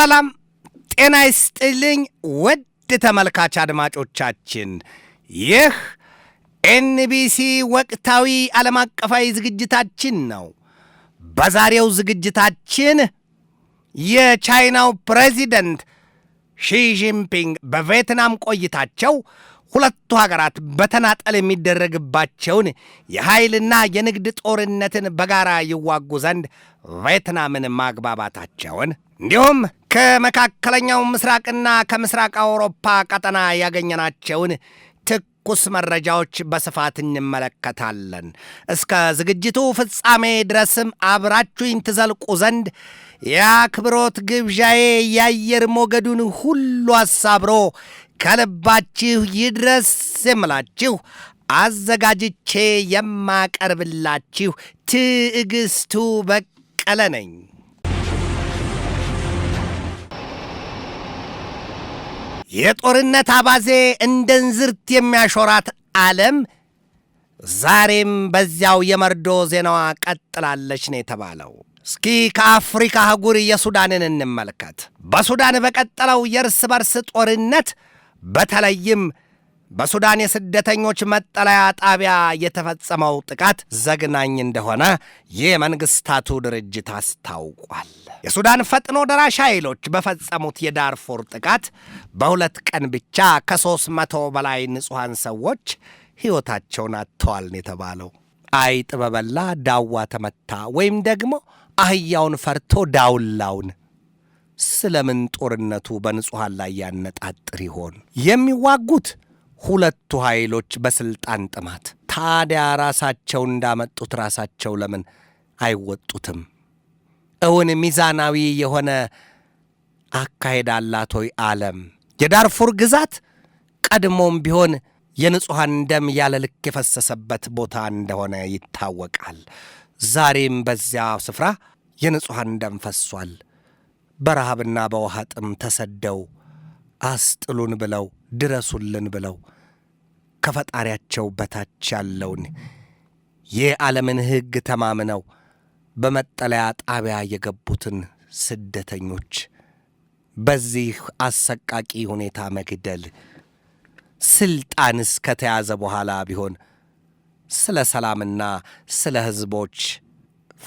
ሰላም ጤና ይስጥልኝ ውድ ተመልካች አድማጮቻችን፣ ይህ ኤንቢሲ ወቅታዊ ዓለም አቀፋዊ ዝግጅታችን ነው። በዛሬው ዝግጅታችን የቻይናው ፕሬዚደንት ሺጂንፒንግ በቬትናም ቆይታቸው ሁለቱ ሀገራት በተናጠል የሚደረግባቸውን የኃይልና የንግድ ጦርነትን በጋራ ይዋጉ ዘንድ ቬትናምን ማግባባታቸውን እንዲሁም ከመካከለኛው ምስራቅና ከምስራቅ አውሮፓ ቀጠና ያገኘናቸውን ትኩስ መረጃዎች በስፋት እንመለከታለን። እስከ ዝግጅቱ ፍጻሜ ድረስም አብራችሁኝ ትዘልቁ ዘንድ የአክብሮት ግብዣዬ የአየር ሞገዱን ሁሉ አሳብሮ ከልባችሁ ይድረስ የምላችሁ አዘጋጅቼ የማቀርብላችሁ ትዕግስቱ በቀለ ነኝ። የጦርነት አባዜ እንደ እንዝርት የሚያሾራት ዓለም ዛሬም በዚያው የመርዶ ዜናዋ ቀጥላለች ነው የተባለው። እስኪ ከአፍሪካ አህጉር የሱዳንን እንመልከት። በሱዳን በቀጠለው የእርስ በርስ ጦርነት በተለይም በሱዳን የስደተኞች መጠለያ ጣቢያ የተፈጸመው ጥቃት ዘግናኝ እንደሆነ የመንግሥታቱ ድርጅት አስታውቋል። የሱዳን ፈጥኖ ደራሽ ኃይሎች በፈጸሙት የዳርፎር ጥቃት በሁለት ቀን ብቻ ከሦስት መቶ በላይ ንጹሐን ሰዎች ሕይወታቸውን አጥተዋል የተባለው። አይጥ በበላ ዳዋ ተመታ፣ ወይም ደግሞ አህያውን ፈርቶ ዳውላውን ስለምን ጦርነቱ በንጹሐን ላይ ያነጣጥር ይሆን? የሚዋጉት ሁለቱ ኃይሎች በሥልጣን ጥማት ታዲያ ራሳቸው እንዳመጡት ራሳቸው ለምን አይወጡትም? እውን ሚዛናዊ የሆነ አካሄድ አላት ወይ ዓለም? የዳርፉር ግዛት ቀድሞም ቢሆን የንጹሐን ደም ያለ ልክ የፈሰሰበት ቦታ እንደሆነ ይታወቃል። ዛሬም በዚያ ስፍራ የንጹሐን ደም ፈሷል። በረሃብና በውሃ ጥም ተሰደው አስጥሉን ብለው ድረሱልን ብለው ከፈጣሪያቸው በታች ያለውን የዓለምን ሕግ ተማምነው በመጠለያ ጣቢያ የገቡትን ስደተኞች በዚህ አሰቃቂ ሁኔታ መግደል ስልጣንስ ከተያዘ በኋላ ቢሆን ስለ ሰላምና ስለ ሕዝቦች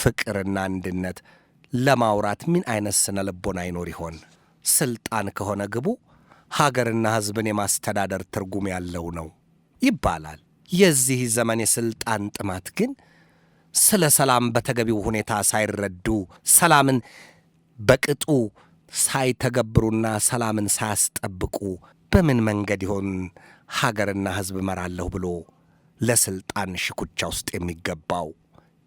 ፍቅርና አንድነት ለማውራት ምን አይነት ስነ ልቦና አይኖር ይሆን? ስልጣን ከሆነ ግቡ ሀገርና ሕዝብን የማስተዳደር ትርጉም ያለው ነው ይባላል። የዚህ ዘመን የስልጣን ጥማት ግን ስለ ሰላም በተገቢው ሁኔታ ሳይረዱ ሰላምን በቅጡ ሳይተገብሩና ሰላምን ሳያስጠብቁ በምን መንገድ ይሆን ሀገርና ሕዝብ እመራለሁ ብሎ ለስልጣን ሽኩቻ ውስጥ የሚገባው?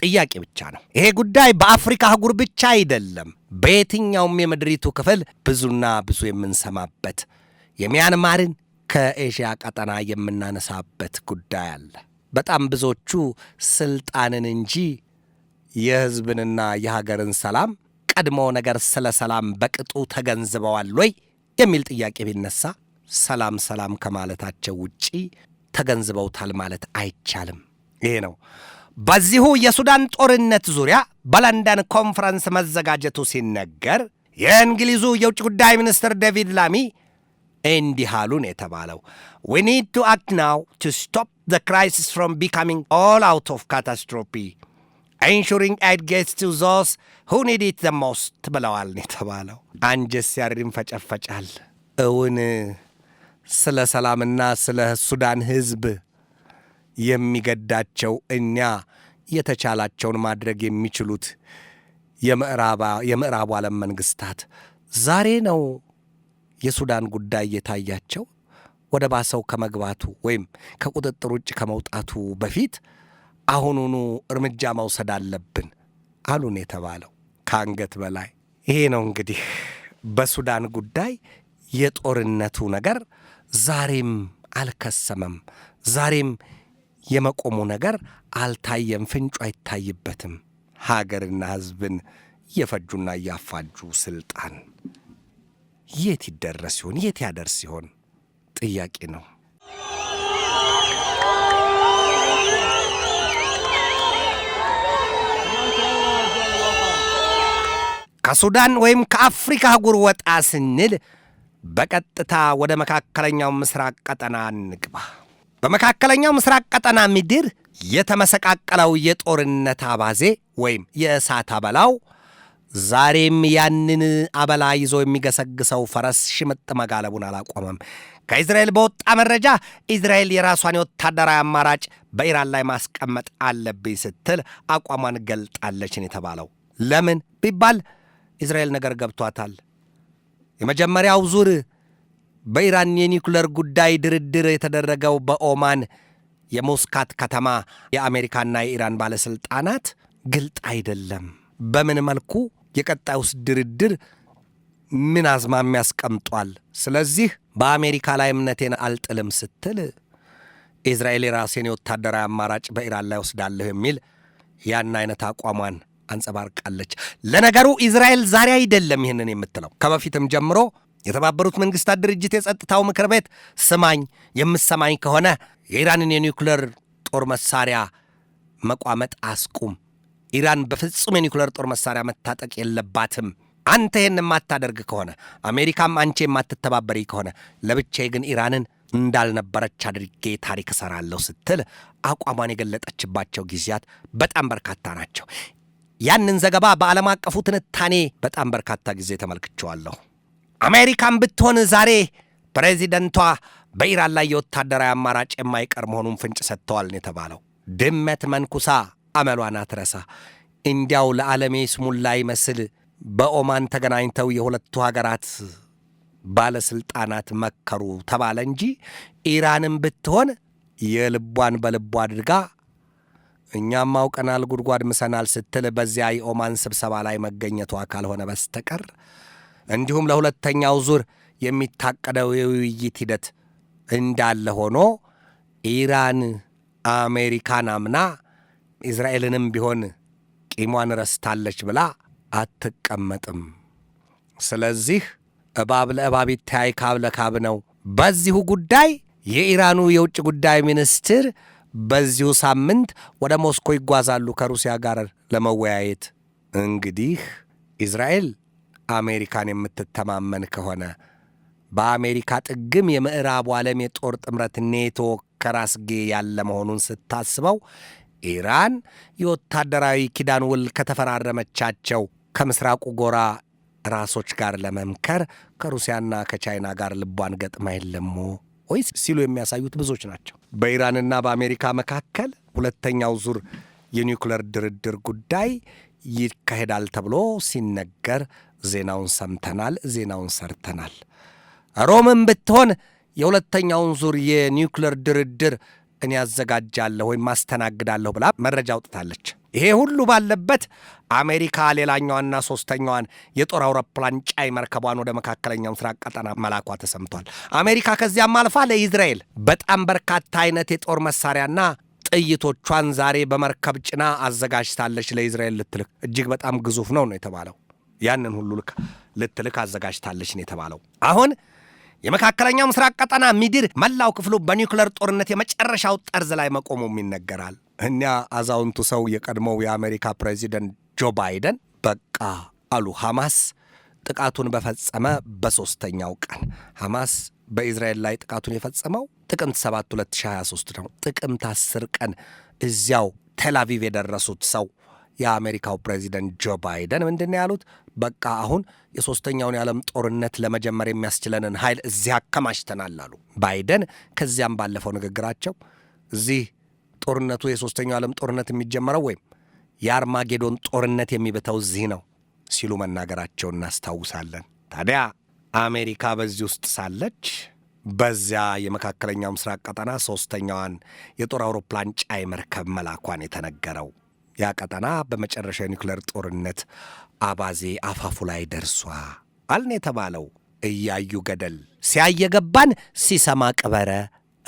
ጥያቄ ብቻ ነው። ይሄ ጉዳይ በአፍሪካ አህጉር ብቻ አይደለም፣ በየትኛውም የምድሪቱ ክፍል ብዙና ብዙ የምንሰማበት የሚያንማርን ከኤዥያ ቀጠና የምናነሳበት ጉዳይ አለ። በጣም ብዙዎቹ ስልጣንን እንጂ የህዝብንና የሀገርን ሰላም ቀድሞ ነገር ስለ ሰላም በቅጡ ተገንዝበዋል ወይ የሚል ጥያቄ ቢነሳ ሰላም ሰላም ከማለታቸው ውጪ ተገንዝበውታል ማለት አይቻልም። ይሄ ነው በዚሁ የሱዳን ጦርነት ዙሪያ በለንደን ኮንፈረንስ መዘጋጀቱ ሲነገር የእንግሊዙ የውጭ ጉዳይ ሚኒስትር ዴቪድ ላሚ እንዲህ አሉ ነው የተባለው። ዊ ኒድ ቱ አክት ናው ቱ ስቶፕ ዘ ክራይሲስ ፍሮም ቢካሚንግ ኦል አውት ኦፍ ካታስትሮፊ ኢንሹሪንግ አይድ ጌትስ ቱ ዞስ ሁ ኒድ ኢት ዘ ሞስት ብለዋል ነው የተባለው። አንጀስ ሲያሪም ፈጨፈጫል። እውን ስለ ሰላምና ስለ ሱዳን ህዝብ የሚገዳቸው እኛ የተቻላቸውን ማድረግ የሚችሉት የምዕራቡ ዓለም መንግስታት ዛሬ ነው የሱዳን ጉዳይ የታያቸው ወደ ባሰው ከመግባቱ ወይም ከቁጥጥር ውጭ ከመውጣቱ በፊት አሁኑኑ እርምጃ መውሰድ አለብን አሉን የተባለው ከአንገት በላይ ይሄ ነው እንግዲህ በሱዳን ጉዳይ የጦርነቱ ነገር ዛሬም አልከሰመም ዛሬም የመቆሙ ነገር አልታየም፣ ፍንጩ አይታይበትም። ሀገርና ሕዝብን እየፈጁና እያፋጁ ስልጣን የት ይደረስ ሲሆን የት ያደርስ ሲሆን ጥያቄ ነው። ከሱዳን ወይም ከአፍሪካ አህጉር ወጣ ስንል በቀጥታ ወደ መካከለኛው ምስራቅ ቀጠና እንግባ። በመካከለኛው ምስራቅ ቀጠና ምድር የተመሰቃቀለው የጦርነት አባዜ ወይም የእሳት አበላው ዛሬም ያንን አበላ ይዞ የሚገሰግሰው ፈረስ ሽምጥ መጋለቡን አላቆመም። ከእስራኤል በወጣ መረጃ እስራኤል የራሷን የወታደራዊ አማራጭ በኢራን ላይ ማስቀመጥ አለብኝ ስትል አቋሟን ገልጣለችን የተባለው ለምን ቢባል እስራኤል ነገር ገብቷታል። የመጀመሪያው ዙር በኢራን የኒውክለር ጉዳይ ድርድር የተደረገው በኦማን የሞስካት ከተማ የአሜሪካና የኢራን ባለሥልጣናት ግልጥ አይደለም። በምን መልኩ የቀጣዩስ ድርድር ምን አዝማሚያ ያስቀምጧል? ስለዚህ በአሜሪካ ላይ እምነቴን አልጥልም ስትል ኢዝራኤል የራሴን የወታደራዊ አማራጭ በኢራን ላይ ወስዳለሁ የሚል ያን አይነት አቋሟን አንጸባርቃለች። ለነገሩ ኢዝራኤል ዛሬ አይደለም ይህንን የምትለው ከበፊትም ጀምሮ የተባበሩት መንግስታት ድርጅት የጸጥታው ምክር ቤት ስማኝ፣ የምሰማኝ ከሆነ የኢራንን የኒውክለር ጦር መሳሪያ መቋመጥ አስቁም፣ ኢራን በፍጹም የኒውክለር ጦር መሳሪያ መታጠቅ የለባትም። አንተ ይህን የማታደርግ ከሆነ አሜሪካም አንቺ የማትተባበሪ ከሆነ ለብቻዬ ግን ኢራንን እንዳልነበረች አድርጌ ታሪክ እሰራለሁ ስትል አቋሟን የገለጠችባቸው ጊዜያት በጣም በርካታ ናቸው። ያንን ዘገባ በዓለም አቀፉ ትንታኔ በጣም በርካታ ጊዜ ተመልክቼዋለሁ። አሜሪካን ብትሆን ዛሬ ፕሬዚደንቷ በኢራን ላይ የወታደራዊ አማራጭ የማይቀር መሆኑን ፍንጭ ሰጥተዋል ነው የተባለው። ድመት መንኩሳ አመሏን አትረሳ። እንዲያው ለዓለሜ ስሙላ ይመስል በኦማን ተገናኝተው የሁለቱ ሀገራት ባለሥልጣናት መከሩ ተባለ እንጂ ኢራንም ብትሆን የልቧን በልቧ አድርጋ እኛም አውቀናል ጉድጓድ ምሰናል ስትል በዚያ የኦማን ስብሰባ ላይ መገኘቷ ካልሆነ በስተቀር እንዲሁም ለሁለተኛው ዙር የሚታቀደው የውይይት ሂደት እንዳለ ሆኖ ኢራን አሜሪካን አምና እስራኤልንም ቢሆን ቂሟን ረስታለች ብላ አትቀመጥም። ስለዚህ እባብ ለእባብ ይታይ ካብ ለካብ ነው። በዚሁ ጉዳይ የኢራኑ የውጭ ጉዳይ ሚኒስትር በዚሁ ሳምንት ወደ ሞስኮ ይጓዛሉ ከሩሲያ ጋር ለመወያየት። እንግዲህ እስራኤል አሜሪካን የምትተማመን ከሆነ በአሜሪካ ጥግም የምዕራቡ ዓለም የጦር ጥምረት ኔቶ ከራስጌ ያለ መሆኑን ስታስበው ኢራን የወታደራዊ ኪዳን ውል ከተፈራረመቻቸው ከምስራቁ ጎራ ራሶች ጋር ለመምከር ከሩሲያና ከቻይና ጋር ልቧን ገጥማ የለሞ ወይ ሲሉ የሚያሳዩት ብዙዎች ናቸው። በኢራንና በአሜሪካ መካከል ሁለተኛው ዙር የኒውክለር ድርድር ጉዳይ ይካሄዳል ተብሎ ሲነገር ዜናውን ሰምተናል፣ ዜናውን ሰርተናል። ሮምም ብትሆን የሁለተኛውን ዙር የኒውክሌር ድርድር እኔ አዘጋጃለሁ ወይም አስተናግዳለሁ ብላ መረጃ አውጥታለች። ይሄ ሁሉ ባለበት አሜሪካ ሌላኛዋና ሶስተኛዋን የጦር አውሮፕላን ጫይ መርከቧን ወደ መካከለኛው ምስራቅ ቀጠና መላኳ ተሰምቷል። አሜሪካ ከዚያም አልፋ ለኢዝራኤል በጣም በርካታ አይነት የጦር መሳሪያና ጥይቶቿን ዛሬ በመርከብ ጭና አዘጋጅታለች ለእስራኤል ልትልክ። እጅግ በጣም ግዙፍ ነው ነው የተባለው። ያንን ሁሉ ልትልክ አዘጋጅታለች ነው የተባለው። አሁን የመካከለኛው ምስራቅ ቀጠና ሚድር መላው ክፍሉ በኒውክለር ጦርነት የመጨረሻው ጠርዝ ላይ መቆሙም ይነገራል። እኛ አዛውንቱ ሰው የቀድሞው የአሜሪካ ፕሬዚደንት ጆ ባይደን በቃ አሉ። ሐማስ ጥቃቱን በፈጸመ በሦስተኛው ቀን ሐማስ በእስራኤል ላይ ጥቃቱን የፈጸመው ጥቅምት 7 2023 ነው። ጥቅምት 10 ቀን እዚያው ቴላቪቭ የደረሱት ሰው የአሜሪካው ፕሬዚደንት ጆ ባይደን ምንድን ነው ያሉት? በቃ አሁን የሶስተኛውን የዓለም ጦርነት ለመጀመር የሚያስችለንን ኃይል እዚህ አከማችተናል አሉ ባይደን። ከዚያም ባለፈው ንግግራቸው እዚህ ጦርነቱ የሶስተኛው ዓለም ጦርነት የሚጀመረው ወይም የአርማጌዶን ጦርነት የሚበተው እዚህ ነው ሲሉ መናገራቸውን እናስታውሳለን። ታዲያ አሜሪካ በዚህ ውስጥ ሳለች በዚያ የመካከለኛው ምስራቅ ቀጠና ሶስተኛዋን የጦር አውሮፕላን ጫይ መርከብ መላኳን የተነገረው። ያ ቀጠና በመጨረሻ የኒውክሌር ጦርነት አባዜ አፋፉ ላይ ደርሷ አልን የተባለው። እያዩ ገደል ሲያየገባን ሲሰማ ቅበረ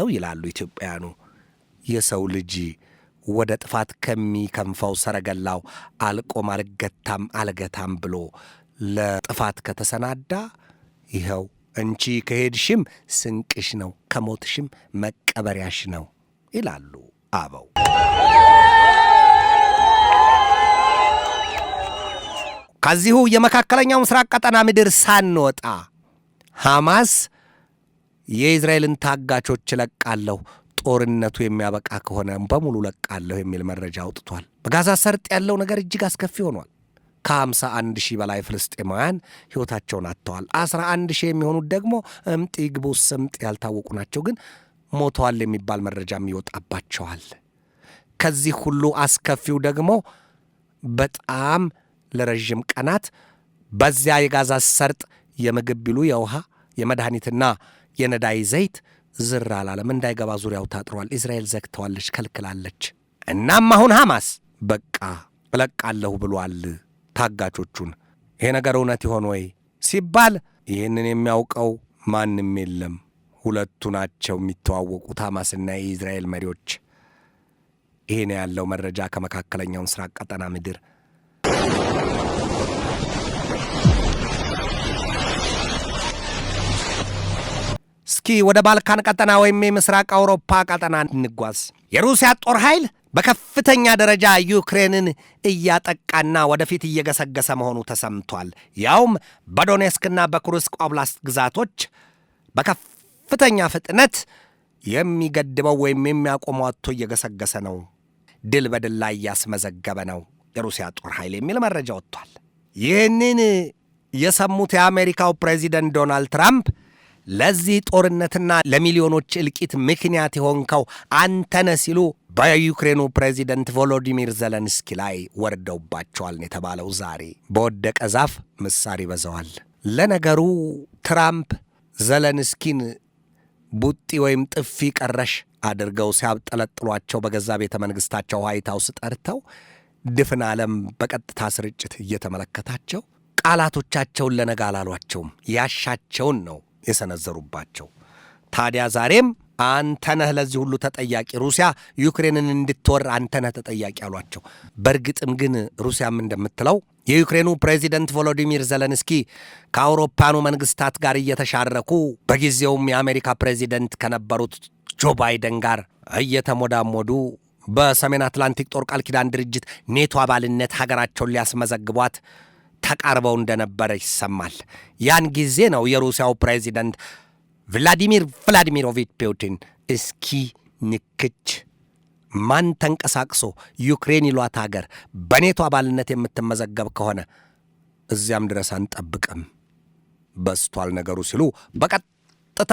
እው ይላሉ ኢትዮጵያኑ። የሰው ልጅ ወደ ጥፋት ከሚከንፈው ሰረገላው አልቆም አልገታም አልገታም ብሎ ለጥፋት ከተሰናዳ ይኸው እንቺ ከሄድሽም ስንቅሽ ነው፣ ከሞትሽም መቀበሪያሽ ነው ይላሉ አበው። ከዚሁ የመካከለኛው ምስራቅ ቀጠና ምድር ሳንወጣ ሐማስ የእስራኤልን ታጋቾች እለቃለሁ፣ ጦርነቱ የሚያበቃ ከሆነ በሙሉ እለቃለሁ የሚል መረጃ አውጥቷል። በጋዛ ሰርጥ ያለው ነገር እጅግ አስከፊ ሆኗል። ከ51 ሺህ በላይ ፍልስጤማውያን ሕይወታቸውን አጥተዋል። 11 ሺህ የሚሆኑት ደግሞ እምጢ ግቡ ስምጥ ያልታወቁ ናቸው፣ ግን ሞተዋል የሚባል መረጃም ይወጣባቸዋል። ከዚህ ሁሉ አስከፊው ደግሞ በጣም ለረዥም ቀናት በዚያ የጋዛ ሰርጥ የምግብ ቢሉ የውሃ የመድኃኒትና የነዳይ ዘይት ዝር አላለም። እንዳይገባ ዙሪያው ታጥሯል። እስራኤል ዘግተዋለች፣ ከልክላለች። እናም አሁን ሐማስ በቃ እለቃለሁ ብሏል። ታጋቾቹን። ይሄ ነገር እውነት ይሆን ወይ ሲባል ይህንን የሚያውቀው ማንም የለም። ሁለቱ ናቸው የሚተዋወቁት፣ ሐማስና የእስራኤል መሪዎች። ይህን ያለው መረጃ ከመካከለኛው ምስራቅ ቀጠና ምድር። እስኪ ወደ ባልካን ቀጠና ወይም የምስራቅ አውሮፓ ቀጠና እንጓዝ። የሩሲያ ጦር ኃይል በከፍተኛ ደረጃ ዩክሬንን እያጠቃና ወደፊት እየገሰገሰ መሆኑ ተሰምቷል። ያውም በዶኔስክና በኩርስክ ኦብላስት ግዛቶች በከፍተኛ ፍጥነት የሚገድበው ወይም የሚያቆመው አቶ እየገሰገሰ ነው፣ ድል በድል ላይ እያስመዘገበ ነው የሩሲያ ጦር ኃይል የሚል መረጃ ወጥቷል። ይህንን የሰሙት የአሜሪካው ፕሬዚደንት ዶናልድ ትራምፕ ለዚህ ጦርነትና ለሚሊዮኖች እልቂት ምክንያት የሆንከው አንተነ ሲሉ በዩክሬኑ ፕሬዚደንት ቮሎዲሚር ዘለንስኪ ላይ ወርደውባቸዋል የተባለው ዛሬ በወደቀ ዛፍ ምሳር ይበዛዋል። ለነገሩ ትራምፕ ዘለንስኪን ቡጢ ወይም ጥፊ ቀረሽ አድርገው ሲያብጠለጥሏቸው በገዛ ቤተ መንግሥታቸው ዋይት ሀውስ ጠርተው ድፍን ዓለም በቀጥታ ስርጭት እየተመለከታቸው ቃላቶቻቸውን ለነገ አላሏቸውም። ያሻቸውን ነው የሰነዘሩባቸው። ታዲያ ዛሬም አንተነህ ለዚህ ሁሉ ተጠያቂ፣ ሩሲያ ዩክሬንን እንድትወር አንተነህ ተጠያቂ አሏቸው። በእርግጥም ግን ሩሲያም እንደምትለው የዩክሬኑ ፕሬዚደንት ቮሎዲሚር ዘለንስኪ ከአውሮፓኑ መንግስታት ጋር እየተሻረኩ በጊዜውም የአሜሪካ ፕሬዚደንት ከነበሩት ጆ ባይደን ጋር እየተሞዳሞዱ በሰሜን አትላንቲክ ጦር ቃል ኪዳን ድርጅት ኔቶ አባልነት ሀገራቸውን ሊያስመዘግቧት ተቃርበው እንደነበረ ይሰማል። ያን ጊዜ ነው የሩሲያው ፕሬዚደንት ቭላዲሚር ቭላዲሚሮቪች ፑቲን እስኪ ንክች ማን ተንቀሳቅሶ ዩክሬን ይሏት ሀገር በኔቶ አባልነት የምትመዘገብ ከሆነ እዚያም ድረስ አንጠብቅም፣ በስቷል ነገሩ ሲሉ በቀጥታ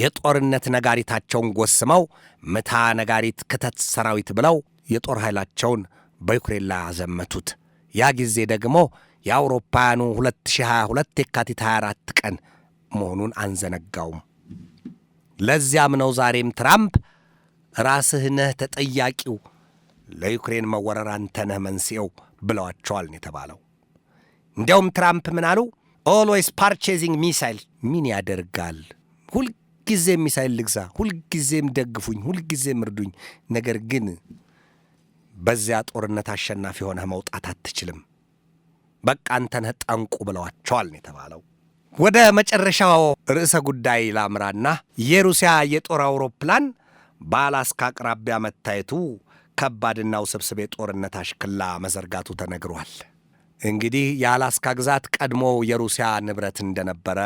የጦርነት ነጋሪታቸውን ጎስመው ምታ ነጋሪት ክተት ሰራዊት ብለው የጦር ኃይላቸውን በዩክሬን ላይ አዘመቱት። ያ ጊዜ ደግሞ የአውሮፓውያኑ 2022 የካቲት 24 ቀን መሆኑን አንዘነጋውም። ለዚያም ነው ዛሬም ትራምፕ ራስህ ነህ ተጠያቂው፣ ለዩክሬን መወረር አንተ ነህ መንስኤው ብለዋቸዋል ነው የተባለው። እንዲያውም ትራምፕ ምን አሉ? ኦልዌይስ ፓርቼዚንግ ሚሳይል ምን ያደርጋል? ሁልጊዜም ሚሳይል ልግዛ፣ ሁልጊዜም ደግፉኝ፣ ሁልጊዜም እርዱኝ። ነገር ግን በዚያ ጦርነት አሸናፊ ሆነህ መውጣት አትችልም። በቃ አንተ ነህ ጠንቁ ብለዋቸዋል ነው የተባለው። ወደ መጨረሻው ርዕሰ ጉዳይ ላምራና የሩሲያ የጦር አውሮፕላን በአላስካ አቅራቢያ መታየቱ ከባድና ውስብስብ የጦርነት አሽክላ መዘርጋቱ ተነግሯል። እንግዲህ የአላስካ ግዛት ቀድሞ የሩሲያ ንብረት እንደነበረ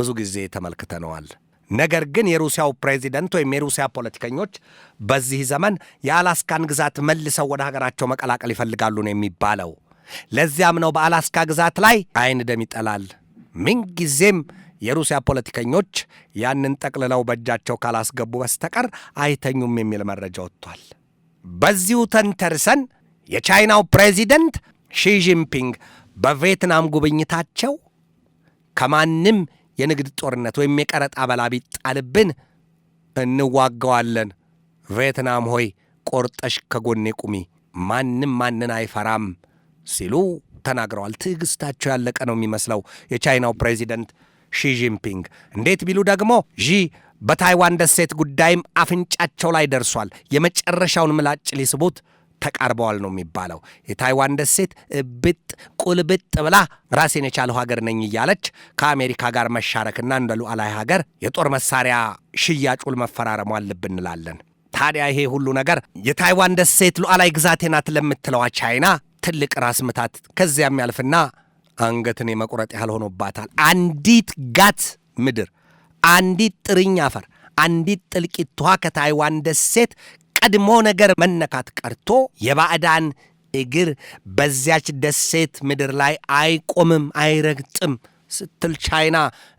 ብዙ ጊዜ ተመልክተነዋል። ነገር ግን የሩሲያው ፕሬዚደንት ወይም የሩሲያ ፖለቲከኞች በዚህ ዘመን የአላስካን ግዛት መልሰው ወደ ሀገራቸው መቀላቀል ይፈልጋሉ ነው የሚባለው። ለዚያም ነው በአላስካ ግዛት ላይ አይን ደም ይጠላል ምንጊዜም የሩሲያ ፖለቲከኞች ያንን ጠቅልለው በእጃቸው ካላስገቡ በስተቀር አይተኙም የሚል መረጃ ወጥቷል። በዚሁ ተንተርሰን የቻይናው ፕሬዚደንት ሺጂንፒንግ በቪየትናም ጉብኝታቸው ከማንም የንግድ ጦርነት ወይም የቀረጥ አበላ ቢጣልብን እንዋገዋለን፣ ቪየትናም ሆይ ቆርጠሽ ከጎኔ ቁሚ፣ ማንም ማንን አይፈራም ሲሉ ተናግረዋል። ትዕግስታቸው ያለቀ ነው የሚመስለው የቻይናው ፕሬዚደንት ሺጂንፒንግ። እንዴት ቢሉ ደግሞ ዢ በታይዋን ደሴት ጉዳይም አፍንጫቸው ላይ ደርሷል። የመጨረሻውን ምላጭ ሊስቡት ተቃርበዋል ነው የሚባለው። የታይዋን ደሴት እብጥ ቁልብጥ ብላ ራሴን የቻለው ሀገር ነኝ እያለች ከአሜሪካ ጋር መሻረክና እንደ ሉዓላዊ ሀገር የጦር መሳሪያ ሽያጭ ውል መፈራረሟን እንላለን። ታዲያ ይሄ ሁሉ ነገር የታይዋን ደሴት ሉዓላዊ ግዛቴ ናት ለምትለዋ ቻይና ትልቅ ራስ ምታት ከዚያም ያልፍና አንገትን የመቁረጥ ያህል ሆኖባታል። አንዲት ጋት ምድር፣ አንዲት ጥርኝ አፈር፣ አንዲት ጥልቂቷ ከታይዋን ደሴት ቀድሞ ነገር መነካት ቀርቶ የባዕዳን እግር በዚያች ደሴት ምድር ላይ አይቆምም፣ አይረግጥም ስትል ቻይና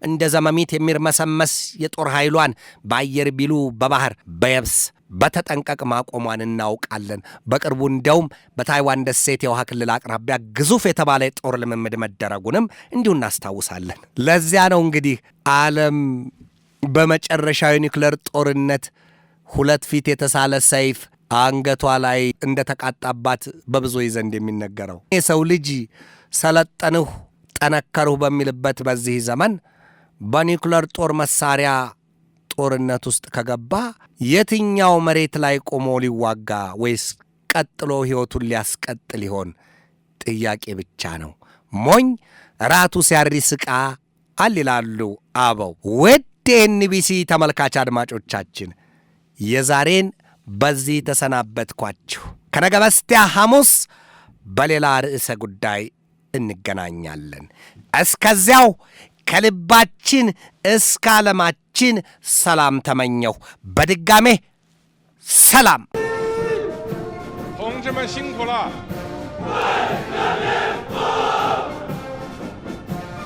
እንደ ዘመሚት የሚርመሰመስ የጦር ኃይሏን በአየር ቢሉ በባህር በየብስ በተጠንቀቅ ማቆሟን እናውቃለን። በቅርቡ እንዲያውም በታይዋን ደሴት የውሃ ክልል አቅራቢያ ግዙፍ የተባለ የጦር ልምምድ መደረጉንም እንዲሁ እናስታውሳለን። ለዚያ ነው እንግዲህ ዓለም በመጨረሻዊ የኒክለር ጦርነት ሁለት ፊት የተሳለ ሰይፍ አንገቷ ላይ እንደተቃጣባት በብዙ ዘንድ የሚነገረው። የሰው ልጅ ሰለጠንሁ፣ ጠነከርሁ በሚልበት በዚህ ዘመን በኒውክለር ጦር መሳሪያ ጦርነት ውስጥ ከገባ የትኛው መሬት ላይ ቆሞ ሊዋጋ ወይስ ቀጥሎ ሕይወቱን ሊያስቀጥል ይሆን? ጥያቄ ብቻ ነው። ሞኝ ራቱ ስቃ አል ይላሉ አበው። ውድ ኤንቢሲ ተመልካች አድማጮቻችን የዛሬን በዚህ ተሰናበትኳችሁ። ከነገ በስቲያ ሐሙስ በሌላ ርዕሰ ጉዳይ እንገናኛለን። እስከዚያው ከልባችን እስከ ዓለማችን ሰላም ተመኘሁ። በድጋሜ ሰላም።